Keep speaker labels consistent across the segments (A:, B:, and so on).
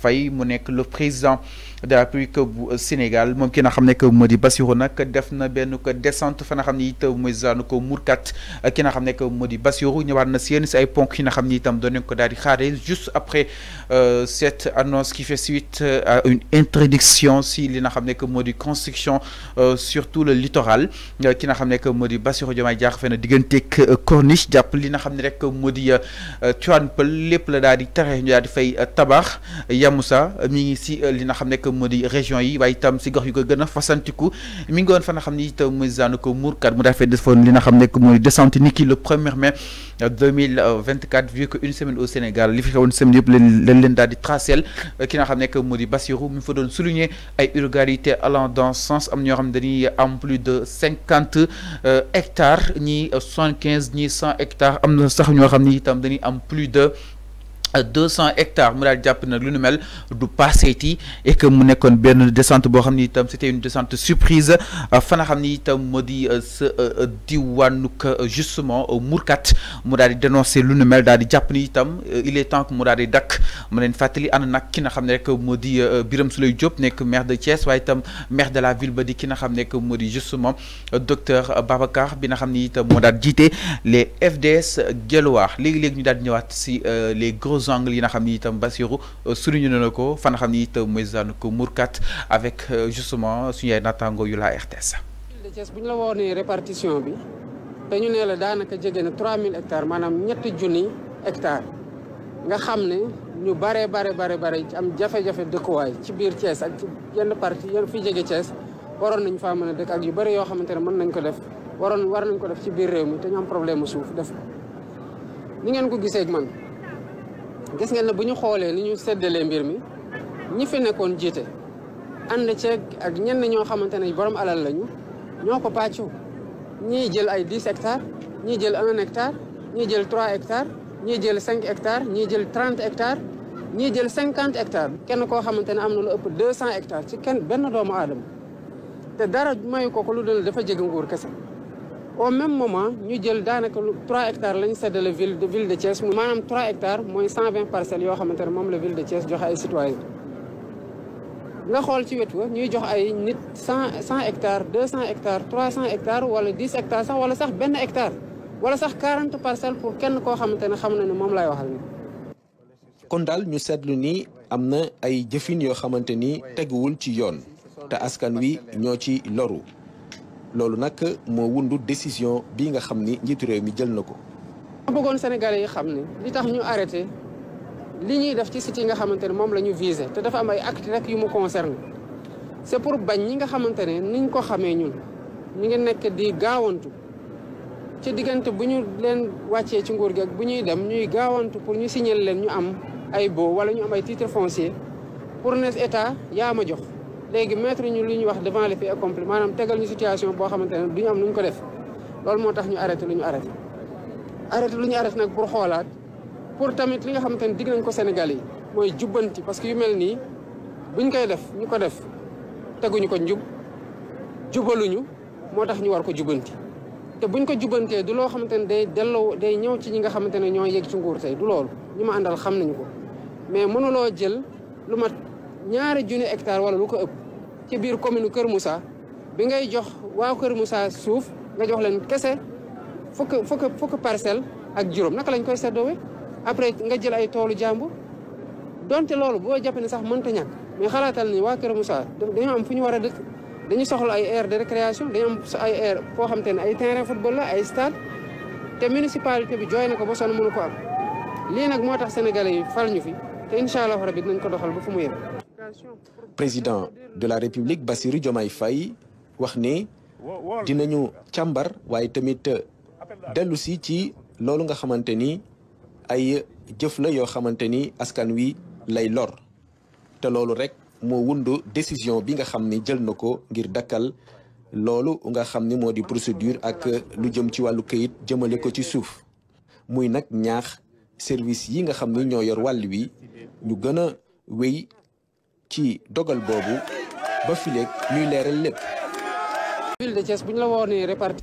A: Faye mu nek le président de la République du Sénégal mom ki nga xam que moo Bassirou nak def na benn ko descente fa nga xam ne itam mooy ko Mourkat ki nga xam que moo Bassirou ñewat na seen ci ay ponk ki nga xam ne itam doon nañ ko daal di juste après euh, cette annonce qui fait suite euh, à une interdiction si li nga xam que moo construction euh, surtout le littoral ki nga xam que moo Bassirou jomay jax Faye na digganteeg corniche japp li nga xam rek moo di Tivaouane Peulh lépp la daal di tere ñu daal di fay tabax. Moussa euh, mi ngi si euh, li nga xam nekk moo région yi waaye tam si gox yu ko gëna fassantiku mi ngi won fa nga xamni ni itam mooy zaanu ko muurkat mu defee def li nga xam nekk descente niki le 1er mai 2024 euh, vu que une semaine au Sénégal li fi xewoon semaine yëpp leen leen dal di tracel ki nga xam modi Bassirou mi fa doon souligner ay irrégularités allant dans sens am ñoo xam dañi am plus de 50 hectares ñi 75 ni ñi hectares am na sax ñoo xamni tam dañi am plus de 200 hectares mu daal di jàpp nag lu mel du et que mu nekkoon ben descente bo xamni tam c'était une descente surprise euh, fa nga xam ni itam di euh, euh, justement Mourkat mu daal di dénoncer lu mel dal di ni il est temps que mu dak di dakk mu leen fàttali ànd nag ki na xam rek moo di Diop nek maire de Thiès waaye tam maire de la ville ba di ki na xam que modi justement docteur Babacar bi nga xam ni itam les FDS Guelwaar Les léegi ñu dal ñëwaat si les gros gros angle yi nga xam ni itam Bassirou euh, suñu ne na ko fa xam ni itam mooy zànn ko murkat avec euh, justement suñu ay nattaango yu la RTS.
B: de bu ñu la woonee répartition bi dañu ne la daanaka jege na mille hectares maanaam ñetti junni hectares nga xam ne ñu bare bare bare bare am jafe-jafe dëkkuwaay ci biir Thiès ak yenn parti yenn fi jege Thiès waroon nañ faa mën a dëkk ak yu bëri yoo xamante ne mën nañ ko def waroon war nañ ko def ci biir réew mi te am problème mu suuf gis ngeen ne bu ñu xoolee ni ñu seddalee mbir mi ñi fi nekkoon jiite ànd ceeg ak ñenn ñoo xamante ne borom alal lañu ñoo ko pàccu ñii jël ay 10 hectares ñii jël 1 hectare ñii jël 3 hectares ñii jël 5 hectares ñii jël 30 hectares ñii jël 50 hectares kenn koo xamante ne am na lu ëpp 200 hectares ci kenn benn doomu aadama te dara mayu ko ko lu dul dafa jege nguur kese. au même moment ñu jël daanaka 3 hectares la ville de ville de Thiès manam 3 hectares moy 120 parcelles yo xamantene mom la ville de Thiès joxe ay citoyens nga xol ci wet ñuy jox ay nit 100 100 hectares 200 hectares 300 hectares wala 10 hectares sax wala sax benn hectare wala sax 40 parcelles pour kenn ko xamantene ne xam na ne moom lay waxal ni
A: kon dal ñu sédlu ni amna ay jëfin yo xamanteni ni ci yoon te askan wi ñoo ci loru. loolu nag moo wundu décision bii nga xam ni njiitu réew mi jël na ko.
B: ma bëggoon Sénégalais yi xam ne li tax ñu arrêté li ñuy def ci sites yi nga xamante ne moom la ñu visé te dafa am ay actes rek yu mu concerné c'est pour bañ ñi nga xamante ne niñ ko xamee ñun ñu ngi nekk di gaawantu ci diggante bu ñu leen wàccee ci nguur gi ak bu ñuy dem ñuy gaawantu pour ñu signaler leen ñu am ay baux wala ñu am ay titre foncier pour ne état yaa ma jox. léegi mettre ñu lu ñuy wax devant les faits accomplis maanaam tegal ñu situation boo xamante ne du ñu am nu ñu ko def loolu moo tax ñu arrêté lu ñu arrêté. lu ñu arrêté nag pour xoolaat pour tamit li nga xamante ne digg nañ ko Sénégal yi mooy jubbanti parce que yu mel nii buñ koy def ñu ko def teguñu ko njub jubaluñu moo tax ñu war ko jubbanti. te buñ ko jubbantee du loo xamante ne day delloo day ñëw ci ñi nga xamante ne ñoo yëg ci nguur tey du loolu ñu ma àndal xam nañu ko ñaari junni hectare wala lu ko ëpp ci biir commune Kër Moussa bi ngay jox waa Kër Moussa suuf nga jox leen kese fukk fukk fukk parcelle ak juróom naka lañ koy seddoowee après nga jël ay toolu jàmbur donte loolu boo jàppee ne sax mënta ñàkk mais xalaatal ni waa Kër Moussa dañoo am fu ñu war a dëkk dañu soxla ay aire de récréation dañu am ay aire foo xam te ne ay terrain football la ay stade te municipalité bi jooy na ko ba sonn mënu ko am lii nag moo tax sénégalais yi fal ñu fi te incha allah rabbi dinañ ko doxal ba fu mu yem
A: président de la république Bassirou Diomaye Faye wax ni dinañu càmbar waye tamit delusi si ci lolu nga xamanteni ay jëf la yoo askan wi lay lor té rek mo wundu décision bi nga xamni jël nako ngir dakal lolu nga xamni modi di procédure ak lu jëm ci walu keuyit jëmele ko ci souf muy ñaax service yi nga xamni ño yor ñu ci dogal boobu ba fileeg ñuy leeral lépp.
B: ville de Thiès bu ñu la woonee réparti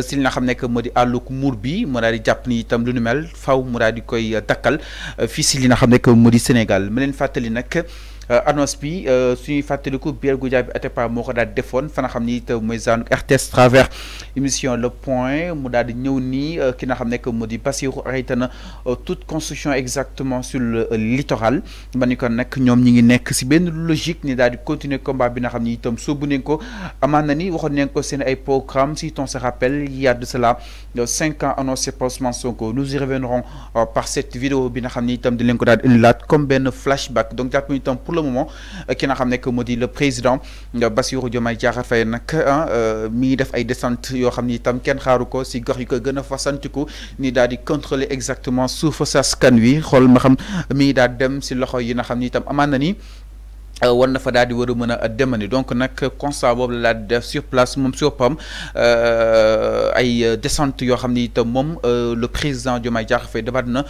A: si li nga xam nekk moo di àlluk muur bi mu jàpp ni itam lu nu mel faw mu daal di koy takkal euh, fii si li nga xam nekk moo di Sénégal ma fàttali nag Euh, annonce bi euh, suñuy fàttaliku Pierre Goudiaby Atepa moo moko daal defone fa na xam ni it mooy RTS travers émission Le Point mu dal di ñew ramené euh, ki na xam nekk mu toute construction exactement sur le littoral maniko nak ñom ñi ngi nekk si ben logique ni dal di continuer combat bi n'a xam ni itam soobu nañ ko amana ni ko seen ay programme si on se rappelle il y a de cela cinq ans annoncé postman Ousmane Sonko nous y reviendrons par cette vidéo bi na xam ni itam di leen comme ben flashback donc jàpp ni pour le moment euh, ki qui xam ne le président euh, Bassirou Diomaye Diakhar Faye nag euh, mi def ay descente yo xamni ni le président ko si gox yu ko gëna a ni daal contrôler exactement sous scan wi xol ma xam mi dal dem si loxo yi nga ni euh, war fa daal di war a mën a demani donc nag constat boobu la def sur place moom sur pam euh, ay descente yoo xam ni itam moom euh, le président Diomaye Diakhar Faye defaat na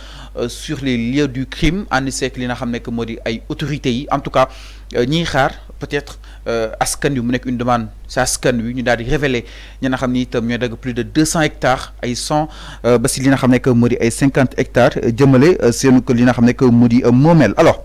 A: sur les lieux du crime ànd seek li nga xam que moo di ay autorités yi en tout cas ñiy xaar peut-être askan wi mu nekk une demande sa askan wi ñu daal di révéler ñi nga xam ni itam ñooy dagg plus de 200 hectares ay 100 ba si li nga xam que moo di ay 50 hectares jëmale seen ko li nga xam que moo di moomeel alors.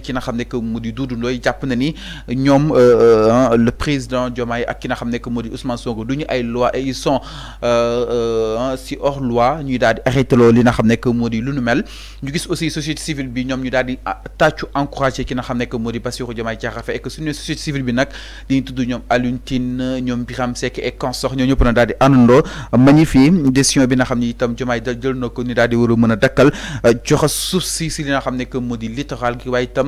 A: ki nga xam que mu Doudou Ndoye jàpp na ni ñoom euh, euh, hein, le président Diomaye ak ki nga xam ne que mu Ousmane Sonko duñu ay loi et ils sont euh, euh hein, si hors loi ñuy daal di arrêté loo li nga xam ne que mu lu ñu mel ñu gis aussi société civile bi ñom ñu daal di ah, tàccu encouragé ki nga xam ne que mu Bassirou Diomaye Diakhar Faye et que suñu société civile bi nag dañuy tuddu ñom Aluntine ñom ñoom Birame Seck et consort ñoo ñëpp na daal di àndandoo magnifié décision bi nga xam ne itam Diomaye jël na ñu daal di war a dakkal joxe souci ci li nga xam ne que mu di littoral gi waaye itam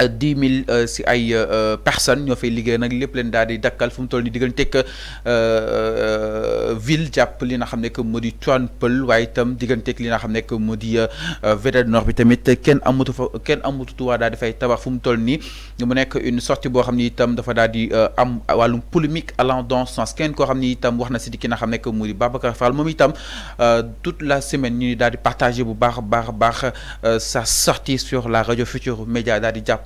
A: Euh, dix mille euh, si ay euh, personnes ñoo fay liggéey nag lépp leen daal di dakkal fu mu toll ni digganteeg ville jàpp li nga xam ne que moo di Tivaouane Peulh waaye itam digganteeg li nga xam ne que moo di Nord bi tamit kenn amatu fa kenn amatu waa daal di fay tabax fu mu toll nii mu nekk une sortie boo xam ni itam dafa daal di am wàllum polémique allant dans ce sens kenn koo xam ni itam wax na si di ki nga xam ne que moo di Babacar Fall moom itam toute la semaine ñu daal di partager bu baax a baax sa sortie sur la radio Futur Média daal di jàpp.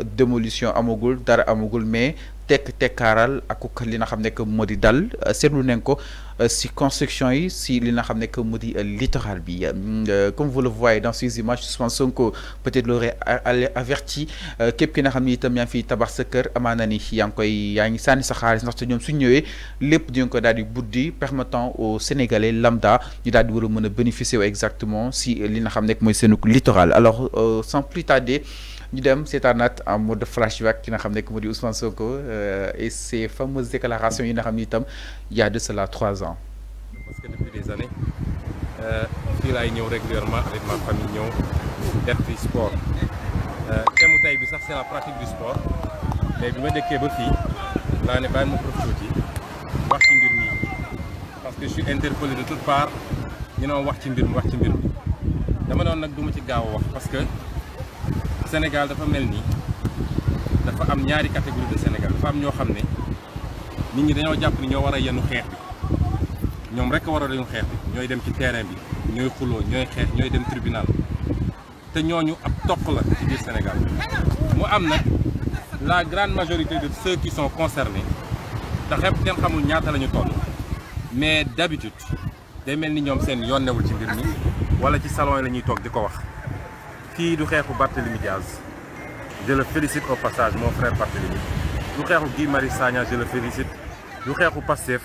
A: démolition amagul dara amagul mais tek tekkaaral ak li nga xamné ne que moo dal euh, seetlu ko euh, si construction yi si li nga xamné que euh, littoral bi comme vous le voyez dans ces images pense Sonko peut-être l'aurait averti kep ki nga xamni tam itam fi tabax sa kër amaana ni yang koy yaa ngi sànni sa xaalis ndaxte ñom su ñëwé lepp di ko buddi permettant au Sénégalais lambda ñu daal di war a bénéficier exactement si li nga que moy c'est le littoral alors sans plus tarder ñu dem seetaanaat en mode flashback ki nga xamné ko modi Ousmane Soko euh, et ses fameuses déclarations yi nga xamni tam il y a de cela trois ans.
C: parce que depuis des années euh, fii laay ñëw régulièrement avec ma famille ñëw def sport sport euh, thème tay bi sax c'est la pratique du sport mais bima déké ba fi laa ne bàyyi ma profité ci wax ci mbir ni parce que je suis interpellé de toutes parts ñu ne wax ci mbir wax ci mbir dama non nak duma du ci gaaw wax parce que. Sénégal dafa mel ni dafa am ñaari catégorie de Sénégal dafa am ñoo xam ne nit ñi dañoo jàpp ni ñoo war a yenu xeex bi ñoom rek war a yenu xeex bi ñooy dem ci terrain bi ñooy xuloo ñooy xeex ñooy dem tribunal te ñooñu ab toq la ci biir Sénégal mu am nag la grande majorité de ceux qui sont concernés te xepp ngeen xamul ñaata la ñu toll mais d'habitude day mel ni ñoom seen yoon newul ci mbir mi wala ci salon yi la ñuy toog di ko wax kii du xexu Barthélemy Diaz je le félicite au passage mon frère Barthélemy du xexu Guy Marie Sagna je le félicite du xexu Passef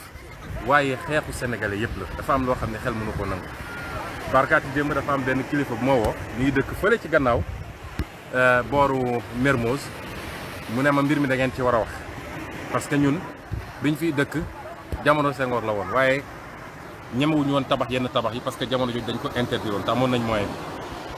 C: waaye xexu sénégalais yépp la dafa am lo xamné xel mënu ko barka ci dem dafa am ben kilifa bu ma woo ñu ngi dëkk fële ci gannaaw euh, boru Mermoz mune ma mbir mi da ngeen ci wara wax parce que ñun biñ fi dëkk jamono sengor la woon waaye ñemewuñu won tabax yenn tabax yi parce que jamono joj dañ ko interdire won ta mo nañ moyen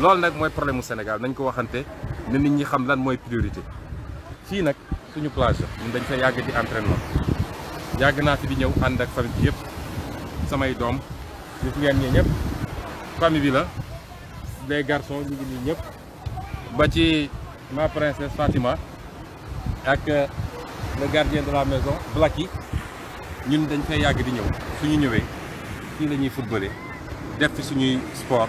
C: loolu nag mooy problème mu Sénégal nañ ko waxante ne nit ñi xam lan mooy priorité fii nag suñu plage ñun dañ fa yàgg di entraînement yàgg naa fi di ñëw ànd ak famille bi yëpp samay doom nit ngeen ñi ñëpp famille bi la les garçons ñu ngi nii ñëpp ba ci ma princesse Fatima ak euh, le gardien de la maison Blacky ñun dañ fay yàgg di ñëw suñu ñëwee fii la ñuy footballé def fi suñuy sport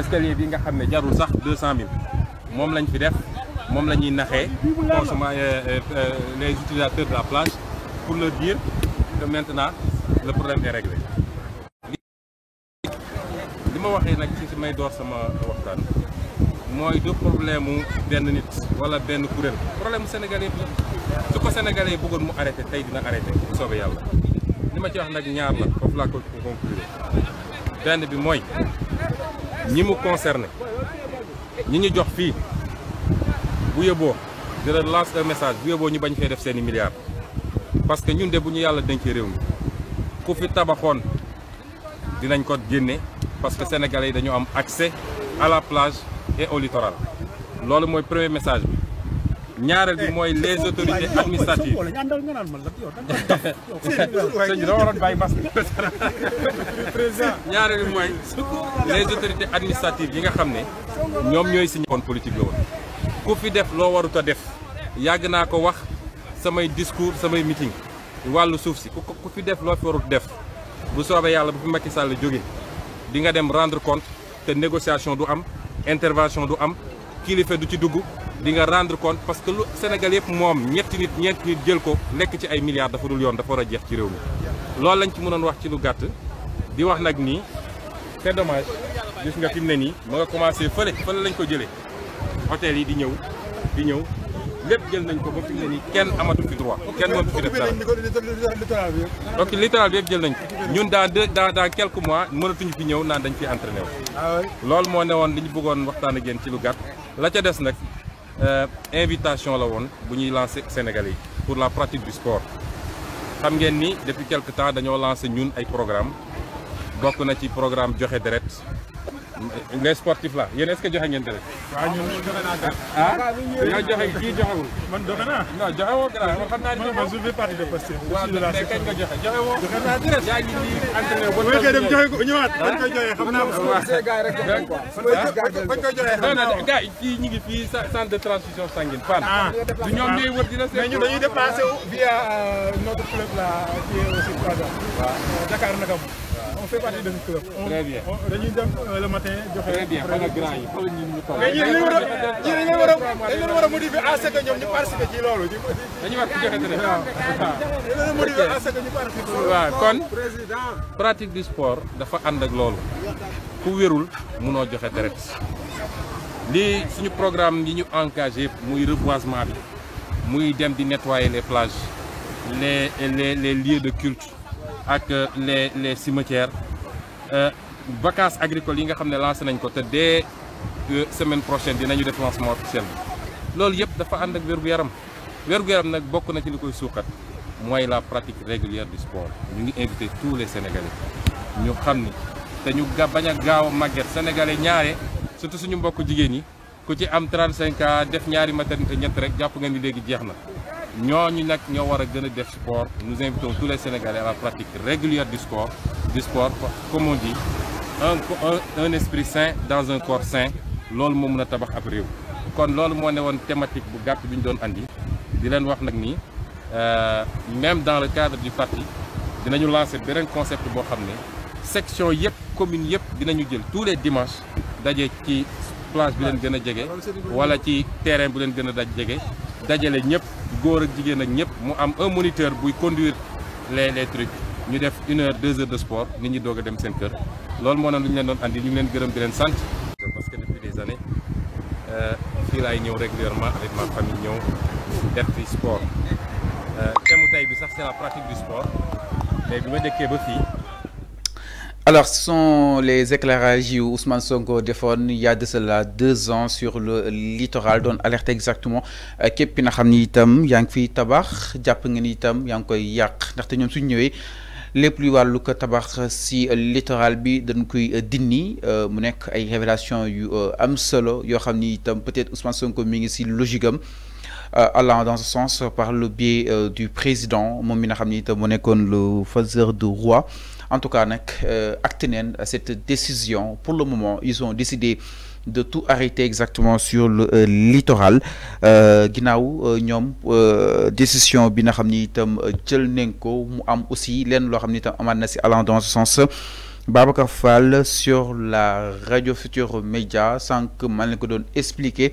C: escalier bi nga xamné sax 200000 mom lañ fi def euh, euh, euh, les utilisateurs de la plage pour leur dire que maintenant le problème est réglé. lima waxé ci may door sama problème ben problème sénégalais sénégalais mu arrêté tay dina arrêté ci wax conclure nous concernons. Nous nous sommes ici. nous leur lance un message. Nous avons fait faire des milliards. Parce que nous devons nous aller dans les rues. Nous devons nous aller dans Parce que les Sénégalais ont accès à la plage et au littoral. C'est le premier message sont bi moy les autorités administratives. bi sont les autorités administratives yi nga politique ku fi def lo def yag na ko wax samay discours samay meeting walu suuf ci ku fi def def bu bu Macky Sall di nga dem rendre compte te négociation du am intervention du am kilifa du ci di nga rendre compte parce que lu Sénégal yëpp moom ñetti nit ñeenti nit jël ko lekk ci ay milliards dafa dul yoon dafa war a jeex ci réew mi loolu lañ ci mënoon wax ci lu gàtt di wax nag nii c'est domage gis nga fi mu ne nii ma nga commencé fële fële lañ ko jëlee hôtel yi di ñëw di ñëw lépp jël nañ ko ba fi mu ne nii kenn amatu fi droit kenn mënatu fi def dara donc littoral bi yëpp jël nañ ko ñun dans deux dans dans quelques mënatuñu fi ñëw naan dañ fi entraîné ah lool moo ne li ñu bëggoon waxtaan ak yéen ci lu gàtt la ca des nag Euh, invitation la won bu ñuy lancer Sénégalais pour la pratique du sport xam ngeen ni depuis quelques temps dañoo lancé ñun ay programme bokk na ci programme joxe deret les sportifs là yéen est-ce que joxe ngeen deret. waaw ñun joxe naa deret. ah ñoo joxe kii joxewul. man joxe naa. non joxe woo gannaaw man xam naa ne. man je fais partie de Pastef. waaw mais kañ nga joxe joxe woo. joxe naa deret yaa ngi nii entraîné ba. bu dem joxe ko ñëwaat. bañ ah? koy joxe xam naa ko. waaw gars yi rek joxe quoi. bañ koy joxe xam naa ko. gars yi kii ñu ngi fii centre de transfusion sanguine Fann. ah du ñoom ñooy wër dina seet. mais ñun dañuy déplacé via euh, notre club là qui est aussi Dakar Nakamu. on fait partie d'un club. très bien dañuy euh, bien fan grand yi fan la ñuy ñu war a dañu war a modifier à ce ñoom ñu participer ci loolu. dañu war a joxe très bien kon pratique du sport dafa ànd ak loolu ku wérul munoo joxe deret lii suñu programme yi ñu engagé muy reboisement bi muy dem di nettoyer les plages les les lieux de culte. ak les les cimetières euh vacances agricoles yi nga xamné lancé nañ ko té dès euh, semaine prochaine dinañu def lancement officiel lool yépp dafa and ak wér yaram wér yaram nak bokku na ci likoy koy moy la pratique régulière du sport ñu ngi inviter tous les sénégalais ñu xamni té ñu ga baña gaaw a sénégalais ñaaré surtout suñu mbokk jigéen yi ku ci am 35 ans def ñaari maternité ñett rek japp nga ni légui jeexna Nous nag ñoo war a def sport nous invitons tous les Sénégalais à la pratique régulière du sport du sport comme on dit un un esprit sain dans un corps sain loolu moo mën tabax ab réew. kon loolu mo ne thématique bu gatt bi ñu doon andi di leen wax ni euh, même dans le cadre du parti dinañu lancer beneen concept bo xamné section yépp commune yépp dinañu jël tous les dimanches dajé ci place bi leen gëna a wala ci terrain bu leen gëna a daj jege dajale ñëpp. Je ak un moniteur buy conduire les trucs ñu def une heure deux heures de sport nit ñi doga dem leen parce que depuis des années je euh, suis régulièrement avec ma famille faire sport euh, c'est la pratique du sport mais
A: alors, ce sont les éclairages Ousmane Sonko défend il y a de cela deux ans sur le littoral donne alerte exactement euh, Kepina ki nga xam ni itam yaa ngi fiy tabax jàpp nga ni itam yaa koy yàq ndaxte ñoom suñu ñëwee lépp luy wàllu ko tabax si littoral bi dañ koy dindi euh, mu nekk ay révélation yu euh, am solo yoo xam itam peut-être Ousmane Sonko mi ici si logique allant dans ce sens par le biais du président moom mi nga xam itam le faiseur de roi. En tout cas, euh, à cette décision, pour le moment, ils ont décidé de tout arrêter exactement sur le euh, littoral euh, ginnaaw euh, ñoom euh, décision bi nga xam ni itam ko mu am aussi lenn loo xam ni allant dans ce sens Babacar Fall sur la radio Futur Média, sans que leen ko doon expliquer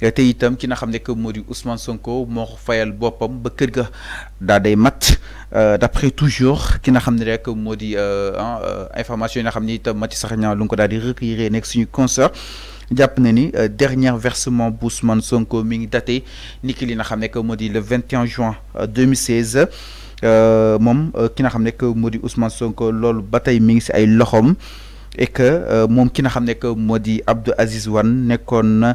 A: te itam ki n'a xam que Modi Ousmane Sonko moo fayal Bopam, ba kër ga day mat euh, d'après toujours ki n'a xam que rek moo euh, hein, euh, information yi nga xam ne itam Mati lu ko daal di recueillir nekk suñu consœur jàpp na ni dernier versement bu Ousmane Sonko mi ngi daté ni ki li que Modi le 21 juin 2016 mom ki nga xam que Modi Ousmane Sonko loolu bataille tey mi ngi ay loxom et que moom ki nga xam que Modi Abdou Aziz Wane nekkoon.